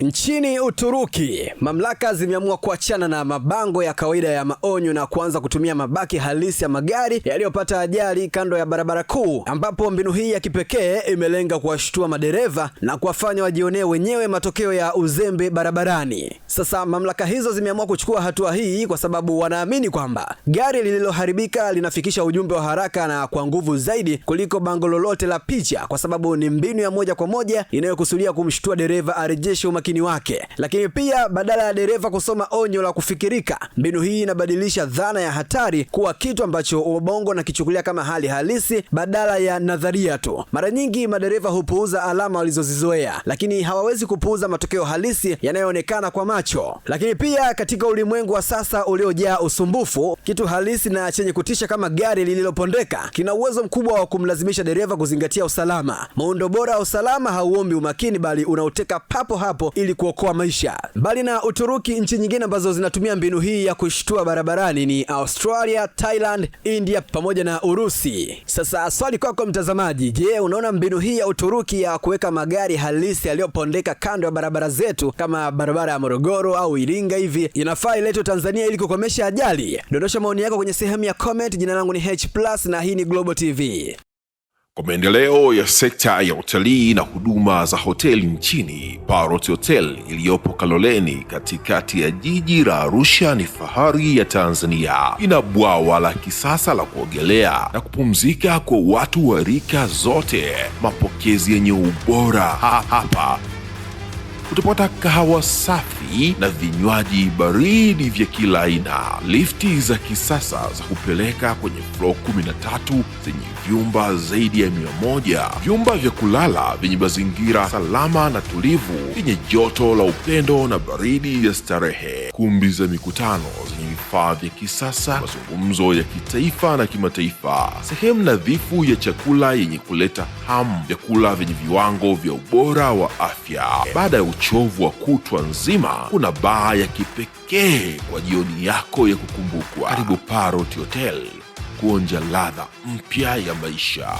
Nchini Uturuki, mamlaka zimeamua kuachana na mabango ya kawaida ya maonyo na kuanza kutumia mabaki halisi ya magari yaliyopata ajali kando ya barabara kuu, ambapo mbinu hii ya kipekee imelenga kuwashtua madereva na kuwafanya wajionee wenyewe matokeo ya uzembe barabarani. Sasa mamlaka hizo zimeamua kuchukua hatua hii kwa sababu wanaamini kwamba gari lililoharibika linafikisha ujumbe wa haraka na kwa nguvu zaidi kuliko bango lolote la picha, kwa sababu ni mbinu ya moja kwa moja inayokusudia kumshtua dereva arejeshe umakini wake. Lakini pia badala ya dereva kusoma onyo la kufikirika, mbinu hii inabadilisha dhana ya hatari kuwa kitu ambacho ubongo unakichukulia kama hali halisi badala ya nadharia tu. Mara nyingi madereva hupuuza alama walizozizoea, lakini hawawezi kupuuza matokeo halisi yanayoonekana kwa macho. Lakini pia katika ulimwengu wa sasa uliojaa usumbufu, kitu halisi na chenye kutisha kama gari lililopondeka kina uwezo mkubwa wa kumlazimisha dereva kuzingatia usalama. Muundo bora wa usalama hauombi umakini, bali unauteka papo hapo ili kuokoa maisha. Mbali na Uturuki, nchi nyingine ambazo zinatumia mbinu hii ya kushtua barabarani ni Australia, Thailand, India pamoja na Urusi. Sasa swali kwako mtazamaji, je, unaona mbinu hii ya Uturuki ya kuweka magari halisi yaliyopondeka kando ya barabara zetu kama barabara ya Morogoro au Iringa hivi inafaa iletwe Tanzania ili kukomesha ajali? Dondosha maoni yako kwenye sehemu ya comment. Jina langu ni H+ na hii ni Global TV kwa maendeleo ya sekta ya utalii na huduma za hoteli nchini. Parrot Hotel iliyopo Kaloleni katikati ya jiji la Arusha ni fahari ya Tanzania. Ina bwawa la kisasa la kuogelea na kupumzika kwa watu wa rika zote, mapokezi yenye ubora. Ha, hapa utapata kahawa safi na vinywaji baridi vya kila aina, lifti za kisasa za kupeleka kwenye flo 13 zenye vyumba zaidi ya mia moja, vyumba vya kulala vyenye mazingira salama na tulivu, vyenye joto la upendo na baridi ya starehe, kumbi za mikutano zenye vifaa vya kisasa, mazungumzo ya kitaifa na kimataifa, sehemu nadhifu ya chakula yenye kuleta hamu, vyakula vyenye viwango vya ubora wa afya. Baada ya uchovu wa kutwa nzima, kuna baa ya kipekee kwa jioni yako ya kukumbukwa. Karibu Parrot Hotel kuonja ladha mpya ya maisha.